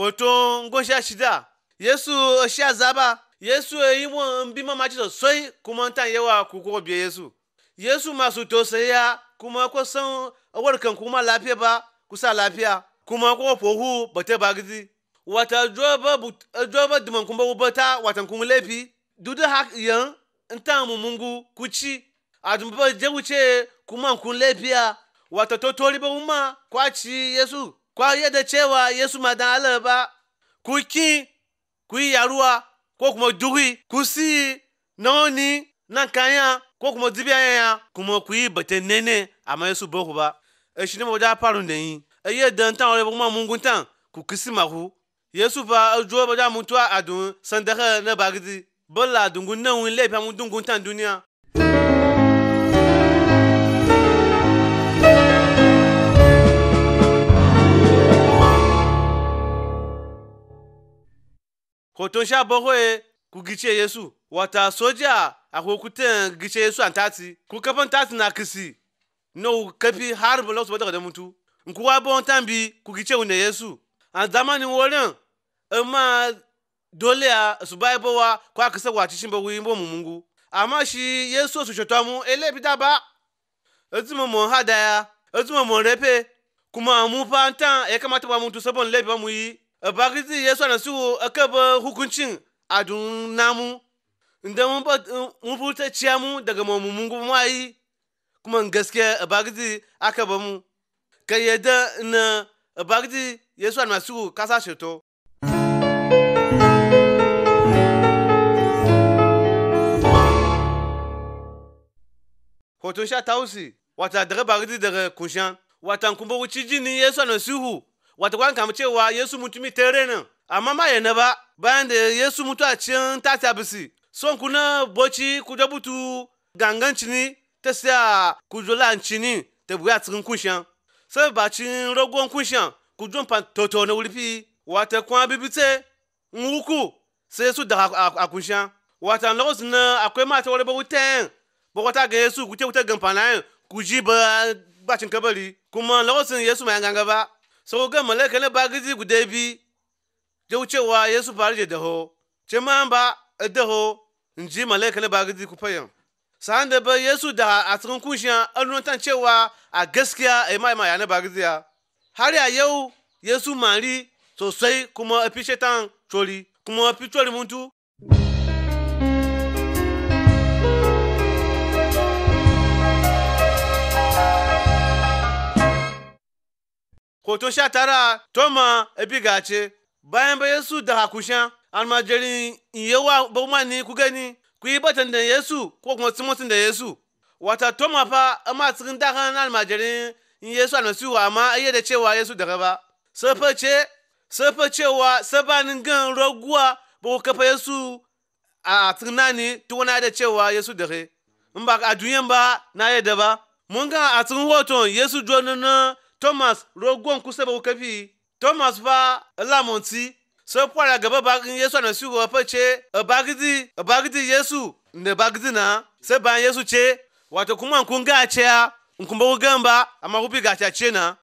hoton goma shida yesu sha azaba yesu yi mun bi mamaci sosai kuma tan yawa ku ko biye yesu yesu masu tosaya kuma ko san kan kuma lafiya ba kusa lafiya kuma ko fohu bata bagidi wata joba joba duman kuma bata watan kuma laifi dudu hak yan ntan mu mungu kuci adumba je wuce kuma kun lafiya wata totori ba umma kwaci yesu kwa yadda cewa Yesu ma Allah ba ku ki ku yi yaruwa ko kuma duri ku si naoni nan kanya ko kuma dibiya ya kuma ku yi bate nene amma Yesu ba ba e shi ne mu da faru yi e kuma mungun ku kisi ma ku Yesu ba ajo e ba da mutuwa adun sandaka na bagidi bolla dungun nan win lefa mun dungun tan duniya kotoshia ku kugichie yesu wata soja akokuten gichie yesu ku kukapan tati na kisi no kapi har bolo so bada muntu nkuwa bon tambi kugichie une yesu an zamani wolen ema dole a subai bowa kwa kisa wa chishin bowi imbo mumungu ama shi yesu osushotwamu elebi daba etumo mo hadaya etumo mo repe kuma mu pantan e kamata ba muntu sabon lebi ba mu yi Ubangiji ya na su aka ba hukuncin adun namu, inda mun ciya mu daga mummunan gumwayi, kuma gaskiya Ubangiji aka ba mu, ka yadda na Ubangiji ya na su kasa sheto. Hoton sha tausi, wata daga Ubangiji daga kunshan, wata kuma wuci jini ya na su wata kwan kama cewa yesu mutumi tere renin amma ma yana ba bayan da yesu mutu a cikin tata bisi son na boci ku da butu gangan cini ta siya ku jola cini ta buya cikin kunshan sai ba cin ragon kunshan ku jon pan toto na wurfi wata kwan bibite nwuku sai su da a kunshan wata lokacin na akwai mata wani bautan bakwata ga yesu ku te wuta gamfanayin ku ji ba bacin kabari kuma lokacin yesu mai ganga ba sau ga malaika na bagizi guda bi da wucewa yesu fari da daho ce ma ba daho in ji malaika na bagizi ku fayan sa'an da ba yesu da a cikin kunshiyan annuwantan cewa a gaskiya a yi mai ya na ya har ya yau yesu mari sosai kuma fi shetan cori kuma fi cori mutu. Hoto sha tara toma epigace bayan ba Yesu da hakusha almajirin yewa bamani ku gani ku yi batan da Yesu ko kuma Timotin da Yesu. Wata toma fa amma cikin dakan almajirin Yesu almasihu amma iya da cewa Yesu daga ba. Safa ce safa cewa sabanin gan raguwa ba kafa Yesu a cikin nani tuna da cewa Yesu daga. In ba a duniyan ba na yadda ba. Mun ga a cikin hoton Yesu jonin thomas ruo rogwon kuseba bi, thomas va lamonti so pwara gaba bagin yesu ana sigo apa ce bagidi bagidi yesu ne bagidi na se ban yesu che, wato kuma kun ga ce ya kun ba gamba amma kupi ga ce na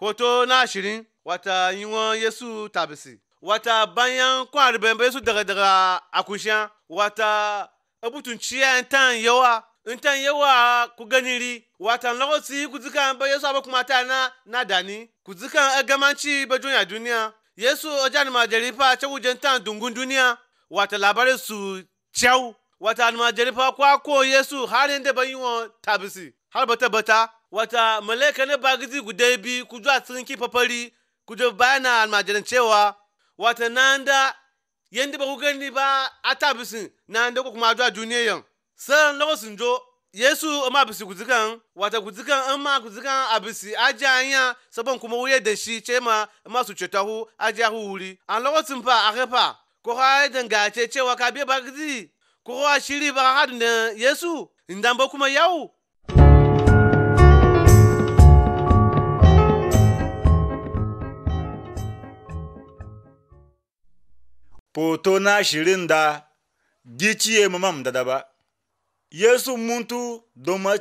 hoto na ashirin wata yiwon yesu tabisi wata bayan kwari bambe su daga daga akushan wata abutun ciya tan yawa in yawa ku ganiri wata lokaci ku zikan ba yesu abu kuma ta na na dani ku zikan agamanci ba duniya yesu ojan majari fa ce wujen dungun duniya wata labarin su cew wata almajari fa kwa ko yesu har inda ban yi won tabisi har bata bata wata malaika ne gizi guda bi ku zuwa cikin kifafari ku je bayana almajiran cewa wata nanda yanda ba ku gani ba ata bisin nanda ko kuma a duniya yan san lokacin jo yesu ma bisi kuzikan wata kuzikan in ma kuzikan a bisi aji anya saban kuma wuya da shi ce ma ma su ce tahu aji ahu wuri a lokacin fa a kafa ko ha ya dangace cewa ka biya ba gizi ko ha shiri ba haɗu da yesu indan ba kuma yau hoto na shirin da giciye mamam da daba yesu muntu doma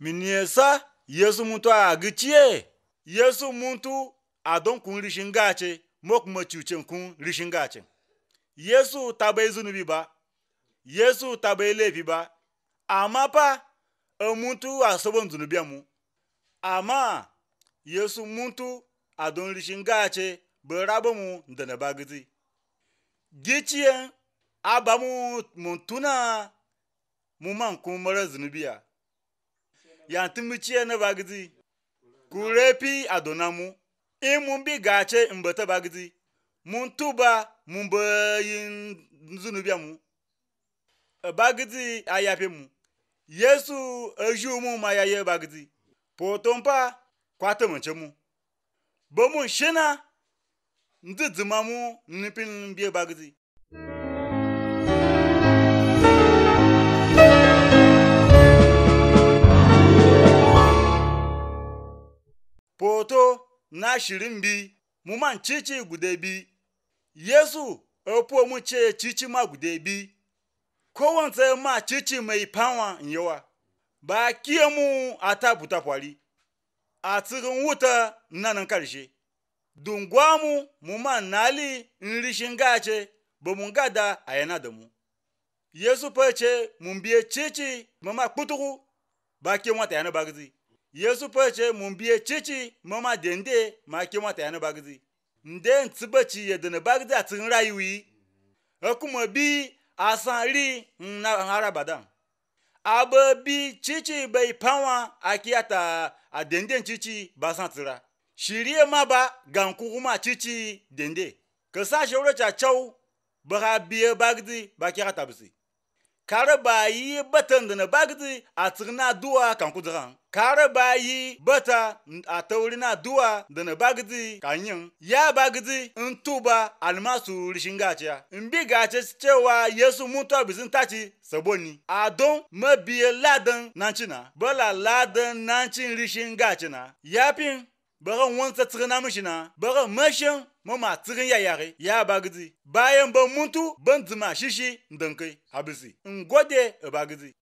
miniesa yesu muntu a giciye yesu muntu a don kun rishin gace mo kuma cucin kun rishin gacin yesu ta bai zunubi ba yesu ta bai laifi ba amma fa A e muntu a sabon zunubiyan mu amma yesu muntu a don rishin gace bai raba mu da na bagizi gichiye abamu mu mun tuna kuma zunubiya ya tumi na bagizi kurepi adona mu in mun bi gace in bata bagizi mun tuba mun bayin zunubiya mu bagizi a mu yesu eju mu ma yaye bagizi potompa kwata mu ba shina ndị dzimamu nnipin bie bagidi poto na shirin bi muman cici gudebi yesu opo omuche chichi ma gudebi kowanne ma chichi mai panwa yawa ba kiye mu a ta buta kwari a cikin wuta nanan karshe dungwamu mu nali nrishin gace ba mun gada a yana da mu yesu fa ce cici mama kutuku ba ke wata yana bagzi yesu fa ce cici mama dende ma ke wata yana bagzi nde ntsibaci ya dana bagzi a e bi a san ri na harabadan bi cici bai panwa akiyata kiyata a denden cici basa tsira ba maba kuma cici dende ka sa shaura ca ba ka biye bagdi ba hata bisi kare ba yi batan da bagdi a tsirna duwa kan kudiran kare ba yi bata a na duwa ndana na bagdi kan yin ya bagdi in tuba almasu rishin gaciya in bi gace cewa yesu mutuwa bisin taci saboni a don mabiye ladan nancina bala ladan nancin rishin gacina yafin baga wansa tsirin amishina baga mashin mama tsirin yayari ya bagizi bayan ban muntu ban zima shishi ndankai abisi in gode bagizi